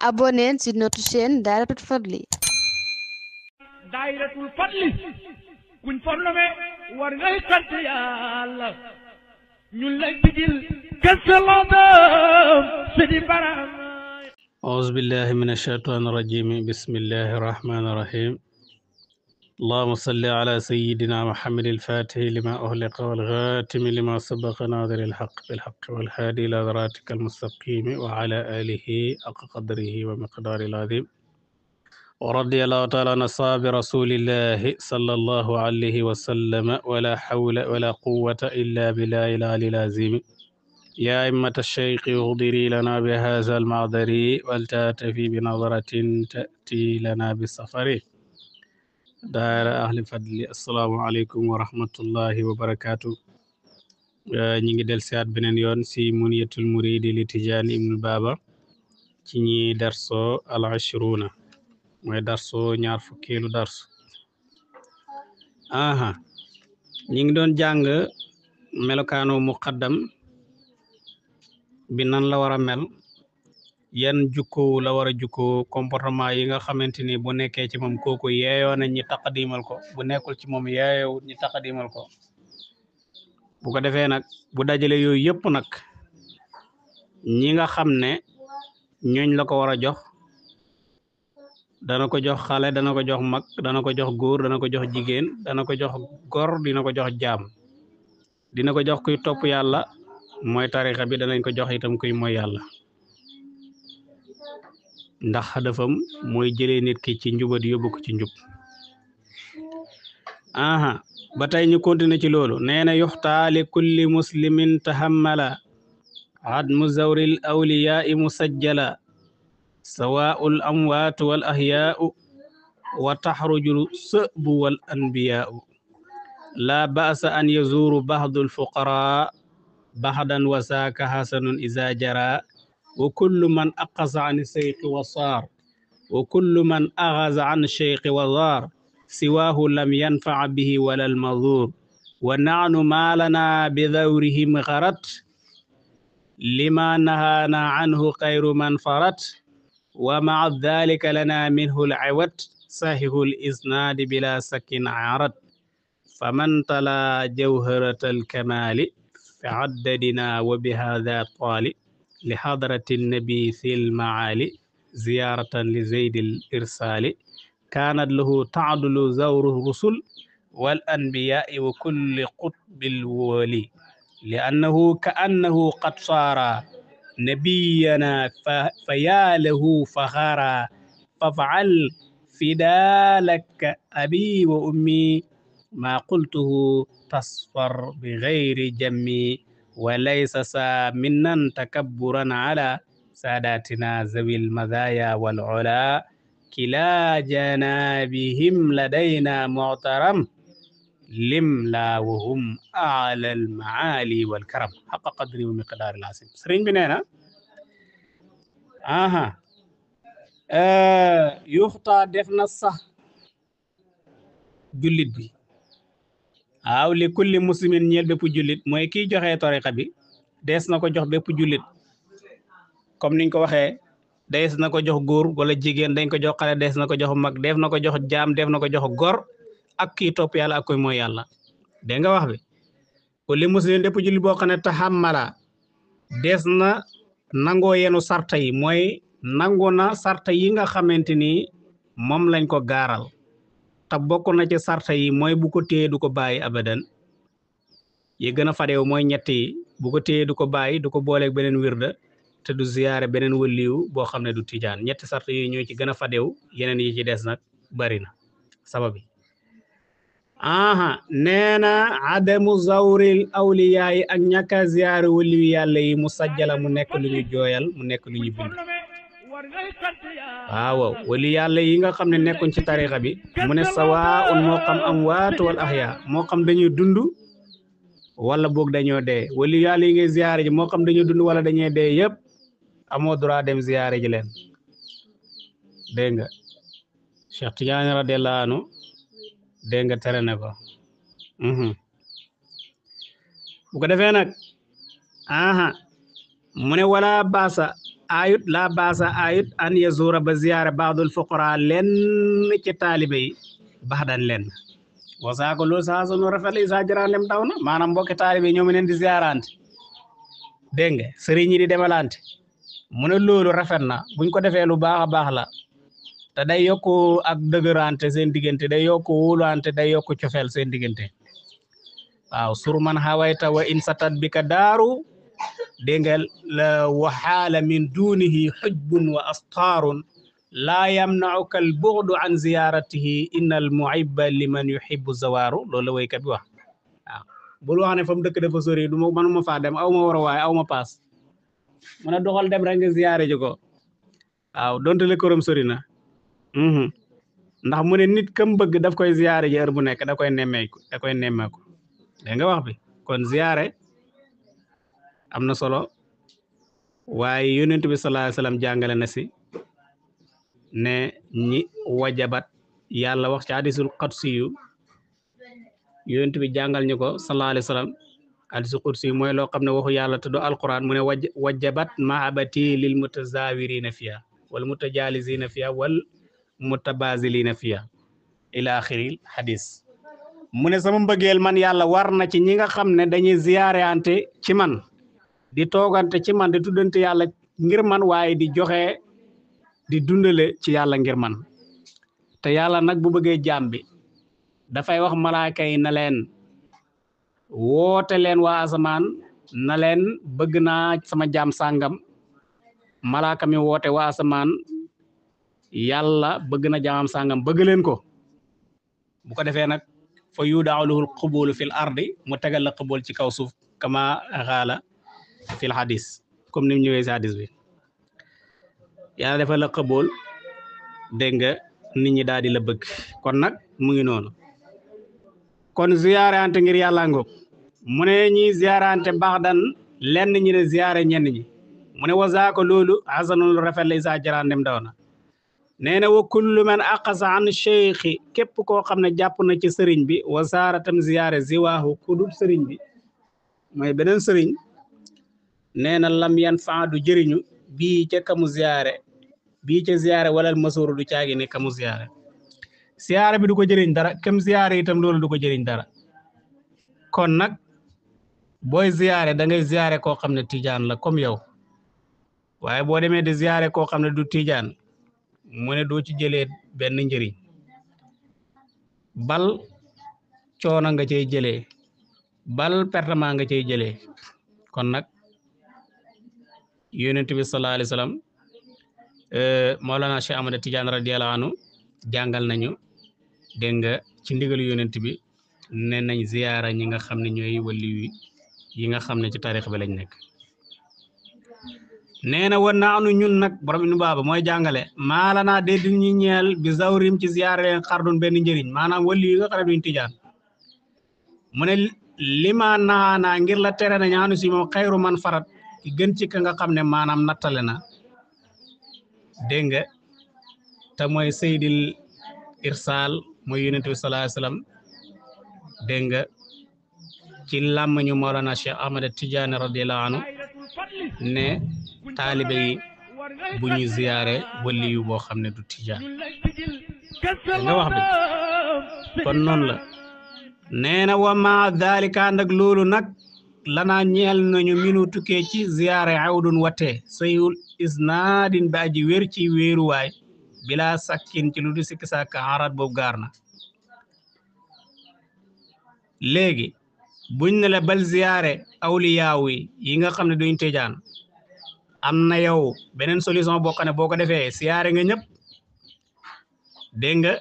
abonnez sur notre chaîne Dahiratoul Fadly Dahiratoul Fadly kuñ fornome war ngay sant yàlla ñun lay digil gëstaloodam sidi baram auzu billahi min ashaytaani rajim bismillahi rahmaani rahim اللهم صل على سيدنا محمد الفاتح لما أهلق والغاتم لما سبق ناظر الحق بالحق والهادي إلى ذراتك المستقيم وعلى آله حق قدره ومقدار العظيم ورضي الله تعالى عن أصحاب رسول الله صلى الله عليه وسلم ولا حول ولا قوة إلا بالله العلي العظيم يا أمة الشيخ اغضري لنا بهذا المعذر ولتأتفي بنظرة تأتي لنا بالسفر daara ahli fadli asalaamaaleykum wa rahmatullahi wa barakaatu eh, ñi ngi del siaat beneen yoon si muniyatul muridi li tijaani ibnu baaba ci ñi darso al ashruna mooy darso ñaar fukkeelu darso aha ñi ngi doon jàng melokaanu muqaddam bi la war mel yan jukko la war a jukko comportement yi nga xamante ni bu nekkee ci moom kooku yeeyoo nañ ñi taqadimal ko bu nekkul ci moom yeeyoo ñi taqadimal ko bu ko defee nag bu dajale yooyu yëpp nag ñi nga xam ne ñooñ la ko war a jox dana ko jox xale dana ko jox mag dana ko jox góor dana ko jox jigéen dana ko jox gor dina ko jox jaam dina ko jox kuy topp yàlla mooy tarixa bi danañ ko jox itam kuy mooy yàlla ndax xadafam mooy jëlee nit ki ci njubat yóbbu ci njub aha ba tey ñu continuer ci loolu nee na yuxtaa li kulli muslimin tahammala admu zawril awliyaai musajjala sawaa'ul amwaatu wal ahyaa'u wa taxrujul sëbu wal anbiyaa'u laa ba'sa an yazuuru baxdul fuqaraa baxdan wasaaka xasanun izaa jaraa wa kullu man aqasa an seyqi wa saar wa kullu man axasa an seyqi wa zaar siwaahu lam yanfaa bihi wala almadur wa naanu maa lanaa bi dawrihim xarat lima nahaana anhu xayru man farat wa maa dalika lana minhu lcawat saxihu lisnaadi bila sakkin arat faman tala jawharatal kamaali fi addadina wa bihada taali li xadarati nabi sil maali ziyaratan li zeydil irsaali kaanat lahu taadulu zawru rusul wal anbiyaai wa kulli qutbil wali li annahu ka annahu qad saara nabiyana fa yaa lahu faxaara fafaal fidaalaka abi wa ummi maa qultuhu tasfar bi gayri jammi wa laysa saminnan takabburan ala saadatina zawil madaya wal ula kila janabihim ladayna mu'taram lim laa wahum ala al maali wal karam xaqa qadri wa miqdaar al asim sëriñ bi nee na aha eh, yuxta def na sax jullit bi waaw li kulli muslimin ñeel bépp jullit mooy kiy joxe tariqa bi dees na ko jox bépp jullit comme niñ ko waxee dees na ko jox góor wala jigéen dañ ko jox xale dees na ko jox mag def na ko jox jaam def na ko jox gor ak kii topp yàlla ak koy mooy yàlla dégg nga wax bi kulli muslimin bépp jullit boo xam ne taxammala dees na nangoo yenu sarta yi mooy nangu na sarta yi nga xamante ni moom lañ ko gaaral te bokk na ci sarta yi mooy bu ko téye du ko bàyyi abadan yi gën a fadeew mooy ñett buko bu ko téye du ko bàyyi du ko booleeg beneen wirda te du ziyaare beneen wëlliwu boo xam ne du tijaan ñetti sarta yi ñoo ci gën a fadeew yeneen yi ci des nag bari na sabab yi aha zawril awliyaa ak ñàkka ziyaare wëlliwu yàlla mu sajjala mu nekk lu ñu jooyal mu nekk lu ñu Ah, waaw wali yàlla yi nga xam ne nekkuñ ci tarixa bi mu ne sawaa un moo xam am waatu wal axya moo xam dañuy dund wala boog dañoo dee wali yàlla yi ngay moo xam dañuy dund wala dañuy dee yëpp amoo droit dem ziyaare ji leen dégg nga Cheikh Tidiane radiyallahu anhu dégg nga tere na ko mhm. bu ko defee nag aha mu ne wala baasa ayut la baasa ayut an yazura ba ziyaare baadul fuqara lenn ci taalibe yi baax daan lenn wasaako loolu saa sunu rafet la isa jaraandem daw na maanaam mbokki taalibe yi ñoom leen di ziyaarante dégg nga sëriñ yi di mu ne loolu rafet na buñ ko defee lu baax a baax la te day yokku ak dëgërante seen diggante day yokku wulante day yokku cofeel seen diggante waaw surman hawayta wa in satat bi ka daaru dégg nga wa xaala min dunihi xujbun wa astaarun laa yamnauka al buxdu an ziyaratihi inna al muhibba liman yuhibbu zawaaru loolu la woykat bi wax waaw bul wax ne fa mu dëkk dafa sori du ma manuma faa dem aw ma war a aw ma paas mën a doxal dem rek nga ziyaare ji ko waaw donte le këram sori na mhm. ndax mu ne nit kam bëgg daf koy ziyaare ji heure bu nekk da koy nemmeeku da koy nemmeeku dégg nga wax bi kon ziyaare am na solo waaye yonent bi sallallahu jàngale na si ne ñi wajabat yàlla wax ci hadisul qudsi yu jàngal ñu ko sallallahu alayhi wasallam hadisul qudsi mooy loo xam ne waxu yàlla te du alquran mu ne waj wajabat mahabati lil mutazawirina fiha wal mutajalisina fiha wal mutabazilina fiha ila axiril hadis mu ne sama mbëggeel man yàlla war ci ñi nga xam ne dañuy ziyaare ante ci man di toogante ci man di tuddante yàlla ngir man waaye di joxe di dundale ci yàlla ngir man te yàlla nag bu bëggee jaam bi dafay wax malaaka yi na leen woote leen waa asamaan na leen bëgg naa sama jaam sàngam malaka mi woote waa asamaan yàlla bëgg na jaam sàngam bëgg leen ko bu ko defee nag fa yudaawluhul qubulu fil ardi mu tegal la qubul ci kaw suuf kama xaala fil hadis comme ni mu ñëwee si hadis bi yàlla dafa la xabool dégg nga nit ñi daal di la bëgg kon nag mu ngi noonu kon ziyaarante ngir yàlla ngoog mu ne ñi ziyaarante baax dan lenn ñi ne ziyaare ñenn ñi mu ne wasaako loolu xasanul rafet la saa jaraan dem daw na nee na wa kullu man aqasa képp koo xam ne jàpp na ci sëriñ bi wasaara tam ziyaare ziwaahu ku dul sëriñ bi mooy beneen sëriñ nee na lam yan faa du jëriñu bii ca kamu ziyaare bii ca ziyaare walal masuuru du caagi ne kamu ziyaare bi du ko jëriñ dara kem ziyaare itam loolu du ko jëriñ dara kon nag booy ziyaare da ngay ziyaare koo xam ne tiijaan la comme yow waaye boo demee di ziyaare koo xam ne du tijaan mu ne doo ci jëlee benn njëriñ bal coono nga cey jëlee bal pertement nga cey jëlee kon nag yonent bi sallallahu alayhi wa sallam eh, Mawlana Cheikh Ahmad Tidiane radiyallahu anhu jàngal nañu dégg nga ci ndigalu yonent bi ne nañ ziyaara ñi nga xam ne ñooy wali wi nga xam ne ci taarix ba lañ nekk nee na war naa anu ñun nag borom nu baaba mooy jàngale maala naa dee di ñu ñeel bi zawrim ci ziyaara leen xardun benn njëriñ maanaam wali nga xam ne duñ tijaan mu ne limaa naxaanaa ngir la tere na ñaanu si moom xayru man farat ki gën ci nga xam ne maanaam nattale na dégg nga te mooy seydil irsaal mooy yonent bi sallallahu alayhi wasallam dégg nga ci làmmiñu Mawlana Cheikh Ahmed Tidiane radiyallahu anhu ne taalibe yi bu ñuy ziyaare waliyu boo xam ne du Tijaan nga wax bi kon noonu la nee na wa ma dalika ànd lanaa ñeel nañu minu tukkee ci ziyaare awdun wattee soyul isnaadin ba aji wér ci wéeruwaay bilaa sakkin ci lu du sikki sàkk arat boobu gaar na léegi buñ ne la bal ziyaare awliyaaw yi yi nga xam ne duñ tëjaan am na yow beneen solution boo xam ne boo ko defee siyaare nga ñëpp dégg nga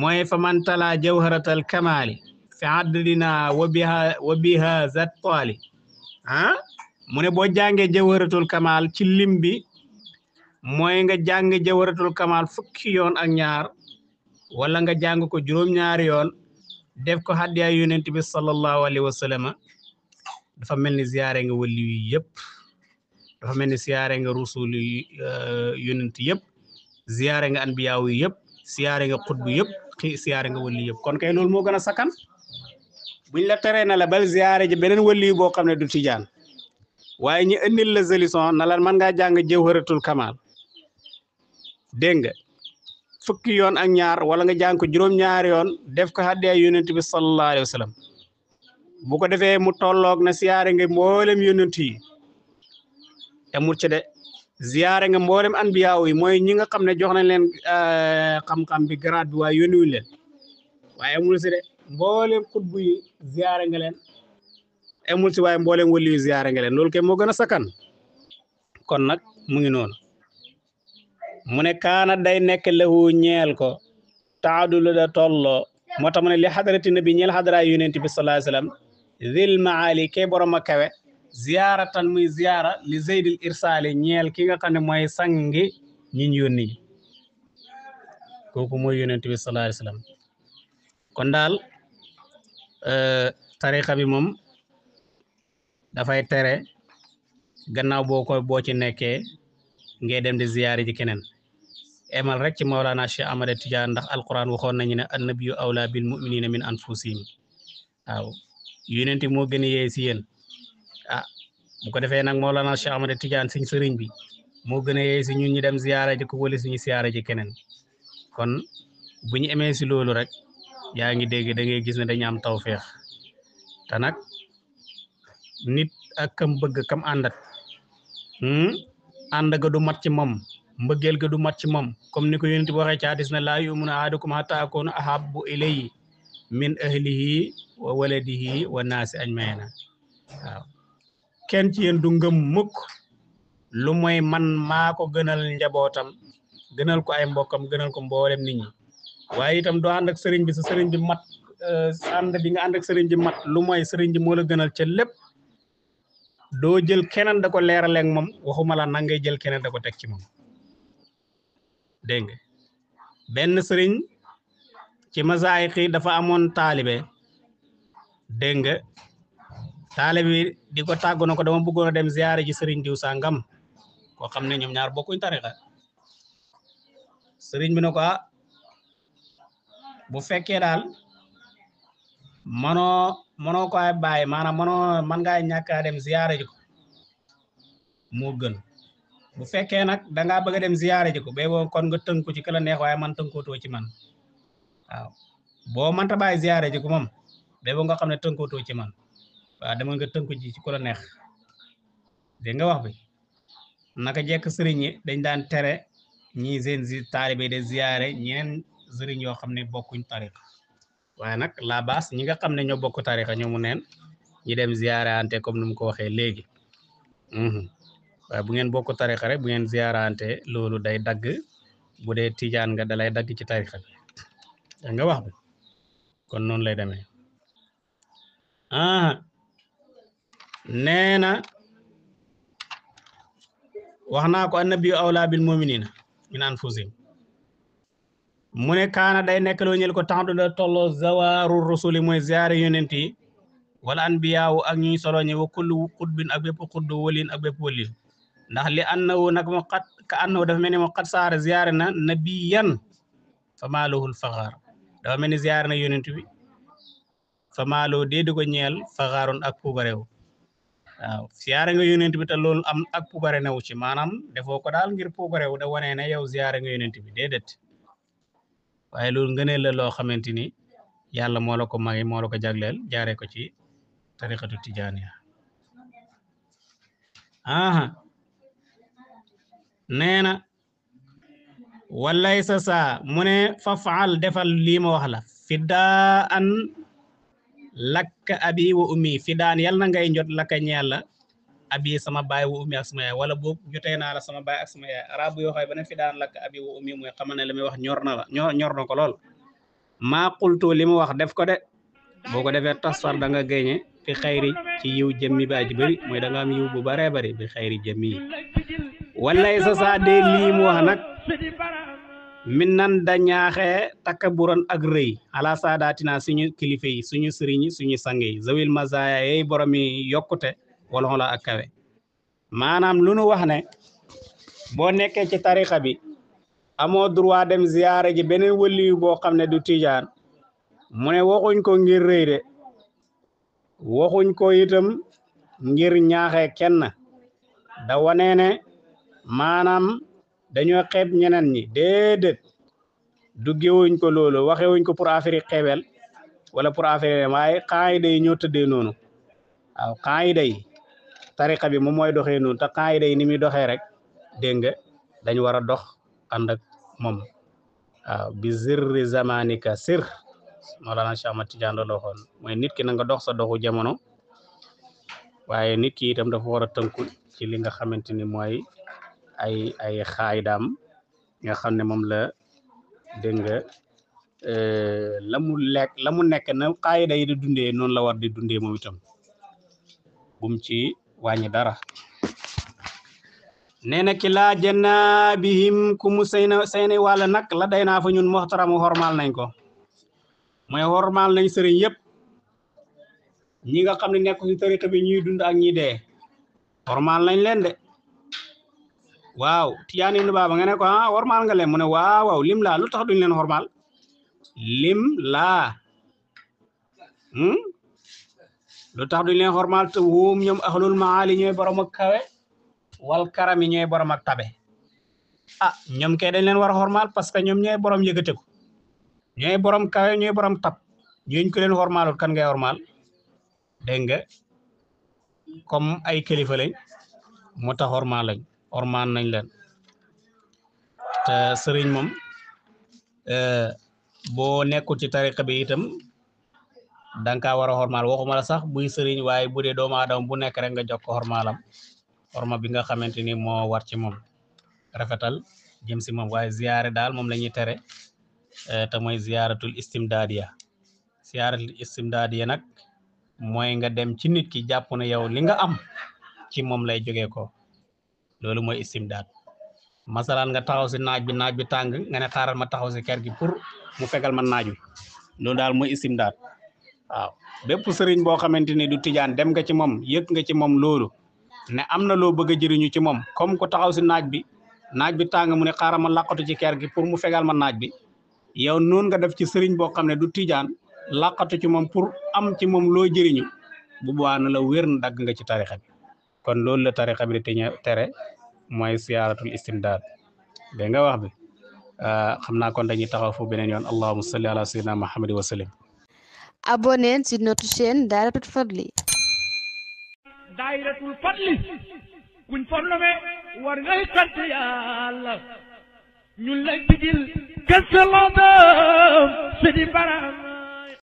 mooy famantalaa jawharatal kamaali fi addina wa biha wa biha zat toali ah mu ne boo jàngee jawharatul kamal ci lim bi mooy nga jàng jawharatul kamal fukki yoon ak ñaar wala nga jàng ko juróom-ñaari yoon def ko hadiya yonent bi sallallahu alayhi wa sallam dafa mel ni ziyaare nga wali yi yëpp dafa mel ni ziyaare nga rusul eh, yonent yëpp ziyaare nga anbiyaaw yi yëpp siyaare nga yëpp siyaare nga wali yëpp kon kay loolu moo a sakkan buñ la teree na la bal ziyaare ji beneen waliyu boo xam ne du tijaan waaye ñi indil la solution na la mën ngaa jàng jawharatul kamal dégg nga fukki yoon ak ñaar wala nga jàng ko juróom-ñaari yoon def ko xaddee yonent bi sallallahu alayhi wa sallam bu ko defee mu tollook na siyaare nga mboolem yonent yi te de ziyaare nga mboolem anbiyaaw yi mooy ñi nga xam ne jox nañ leen eh, xam-xam bi grade bi leen waaye amul de mbooleem xutbu yi ziyaare nga leen amul waaye mbooleem wali yu ziyaare nga leen loolu kay moo gën a sakkan kon nag mu ngi noonu mu ne kaana day nekk lahu ñeel ko taadulu da tolloo moo tax mu ne li xadarati nabi ñeel xadaraa yonent bi sallallahu alayhi wasallam zil maali kay borom a kawe ziyaaratan muy ziyaara li zeydil irsaali ñeel ki nga xam ne mooy sangi ñiñ yónni kooku mooy yonent bi sallallahu alayhi kon daal Euh, tarixa bi moom dafay tere gannaaw boo ko boo ci nekkee ngay dem de ziyaari ji keneen emal rek ci Mawlana ama Ahmada Tidiane ndax alquran waxoon nañu ne annabiyu awla bil muminina min anfusihim waaw yonent moo gën a yey si yéen ah bu ko defee nag Mawlana Cheikh Ahmada Tidiane suñ sëriñ bi moo gën a yey si ñu ñu dem ziyaara ji ko wala suñu ziyaara ji keneen kon bu ñu si loolu rek yaa ngi dégg da ngay gis ne dañu am tawféex te nag nit ak kam bëgg kam àndat hmm, ànd ga du mat ci moom mbëggeel ga du mat ci moom comme ni ko yonent bi waxee ci hadis ne laa yuminu ahadukum a akunu ahabbu ilayhi min ahlihi wa waladihi wa naasi ajmaina waaw kenn ci yéen du ngëm mukk lu mooy man maa ko gënal njabootam gënal ko ay mbokkam gënal ko mboolem niñ waaye itam doo ànd ak sëriñ bi sa sëriñ bi mat euh, ànd bi nga ànd ak sëriñ bi mat lu mooy sëriñ bi moo la gënal ca lépp jël keneen da ko leeraleeg moom waxuma la nan ngay jël keneen da ko teg ci moom dégg nga benn sëriñ ci masaayix yi dafa amoon taalibe dégg nga taalibe bi di ko tàggu na ko dama bëggoon a dem ziyaare ji sëriñ diw sàngam koo xam ne ñoom ñaar bokkuñ tarixa sëriñ bi ne ko ah, bu fekkee daal mënoo mënoo ko bàyyi maanaam mënoo mën ngaa ñàkk dem ziyaare ji ko moo gën bu fekkee nag da ngaa bëgg a dem ziyaare ji ko bee boo kon nga tënku ci kala neex waaye man tënkootoo ci man waaw boo mënta bàyyi ziyaare ji ko moom bee boo nga xam ne tënkootoo ci man waaw dama nga tënku ci ci kala neex dégg nga wax bi naka jekk sëriñ dañ daan tere ñii seen taalibe de ziyaare ñeneen sëriñ yoo xam ne bokkuñ tariqa waaye nag la base ñi nga xam ne ñoo bokk tariqa ñoomu neen ñi dem ziyaaraante comme nu mu ko waxee léegi mhm. waaye bu ngeen bokk tariqa rek bu ngeen ziyaaraante loolu day dagg bu dee tijaan nga dalay dagg ci tariqa bi da nga wax bi kon noonu lay demee ah nee na wax naa ko annabiyu awlaa bil muminina naan anfusihim mu ne kaana day nekk loo ñel ko temps la tolloo zawaaru rusuli mooy ziyaare yonent yi wala anbiyaawu ak ñuy soloñe wa kullu a ak bépp xutdu waliin ak bépp wali ndax li annahu nag mu xat ka annahu dafa mel ni mu xat saara ziyaare na nabiyan fa maaluhul faxaar dafa mel ni ziyaare na yonent bi lo maaloo déedi ko ñeel faxaaroon ak puubarew waaw ziyaare nga bi te loolu am ak puubare newu ci maanaam defoo ko daal ngir puubarew da wanee ne yow ziyaare nga bi waaye loolu ngëneel la loo xamante ni yàlla moo la ko magi moo la ko jagleel jaaree ko ci tariqatu tijaaniya aha nee na wallay sa saa mu ne fafaal defal lii ma wax la fidaan lakka abi wa ummi fidaan yal na ngay njot lakka ñeel abi sama baay wa ummi ak sama yaay wala boog jotee naa la sama baay ak sama yaay arab yoo xay ba ne fi daan lakk abi wa ummi ne li muy wax ñor na la ñor ko lool maa qultu li mu wax def ko de boo ko defee tasfar da nga géñe fi xayri ci yiw jëmmi ba ji bëri mooy da nga yiw bu baree bari bi xayri jëmmi yi walay sa saa dee lii mu wax nag min nan da ñaaxee takkaburan ak rëy ala saadaatina suñu kilifa yi suñu sëriñ yi suñu sang yi zawil mazaya yey boromi yokkute wala la ak kawe maanaam lu nu wax ne boo nekkee ci tarixa bi amoo droit dem ziyaare ji beneen wëliyu boo xam ne du tiijaan mu ne waxuñ ko ngir rëy de waxuñ ko itam ngir ñaaxee kenn da wanee ne maanaam dañoo xeeb ñeneen ñi déedéet duggewuñ ko loolu waxewuñ ko pour affaire xeebel wala pour affaire waaye xaayida yi ñoo tëddee noonu waaw xaayida yi tariqa bi moom moy doxee noonu te qaayida yi ni muy doxee rek dégg nga dañ war a dox ànd ak moom waaw bi zirri zamanika sir Mawlana Cheikh Ahmad Tidiane la waxoon mooy nit ki na nga dox sa doxu jamono waaye nit ki itam dafa war a tënku ci li nga xamante ni mooy ay ay xaayidaam nga xam ne moom la dégg nga euh, la mu lekk la mu nekk na xaayida yi di dundee noonu la war di dundee moom itam bum ci wàññi dara nee na ki laa jannaa bihim ku mu seyna seyni nag la day naa fa ñun moxtaramu xormaal nañ ko mooy xormaal nañ sëriñ yëpp ñi nga xam ne nekk ci bi ñuy dund ak ñi dee xormaal nañ leen de waaw tiyaan ibnu baaba nga ne ko ah xormaal nga leen mu ne waaw waaw lim laa lu tax duñ leen xormaal lim laa hmm lu tax du leen xormaal te wuum ñoom ahlul maali ñooy borom ak kawe wal karami ñooy borom ak tabe ah ñoom kay dañ leen war a xormaal parce que ñoom ñooy borom yëgateku ñooy borom kawe ñooy borom tab ñooñu ko leen xormaalul kan ngay xormaal dégg comme ay kilifa lañ moo tax xormaal lañ xormaal nañ leen te sëriñ moom eh, boo nekkul ci tariqa bi itam. da nga kaa war a xormaal la sax buy sëriñ waaye bu dee doomu aadama bu nekk rek nga jox ko xormaalam xorma bi nga xamante ni moo war ci moom rafetal jëm si moom waaye ziyaare daal moom la ñuy tere eh, te mooy ziyaaratul istimdaadiya ziyaaratul istimdaadiya nag mooy nga dem ci nit ki jàpp na yow li nga am ci moom lay jógee ko loolu mooy istimdaad masalaan nga taxaw si naaj bi naaj bi tàng nga ne xaaral ma taxaw si kër gi pour mu fegal ma naaj wi daal mooy istimdaad waaw bépp sëriñ boo xamante ni du tijaan dem nga ci moom yëg nga ci moom loolu ne am na loo bëgg a jëriñu ci moom comme ku taxaw si naaj bi naaj bi tàng mu ne xaaral ma làqatu ci keer gi pour mu fegal ma naaj bi yow noonu nga def ci sëriñ boo xam ne du tiijaan làqatu ci moom pour am ci moom loo jëriñu bu boobaa na la wér na dagg nga ci tarixa bi kon loolu la tarixa bi di tere mooy siyaaratul istimdaad dégg nga wax bi xam naa kon dañuy taxaw foofu beneen yoon allahumma salli ala sayyidina muhammad wa sallim abonnez sur notre chaîne Dahiratoul Fadly Dahiratoul Fadly kuñ fornome war ngay sant Yàlla ñun lay digil kese la dem si di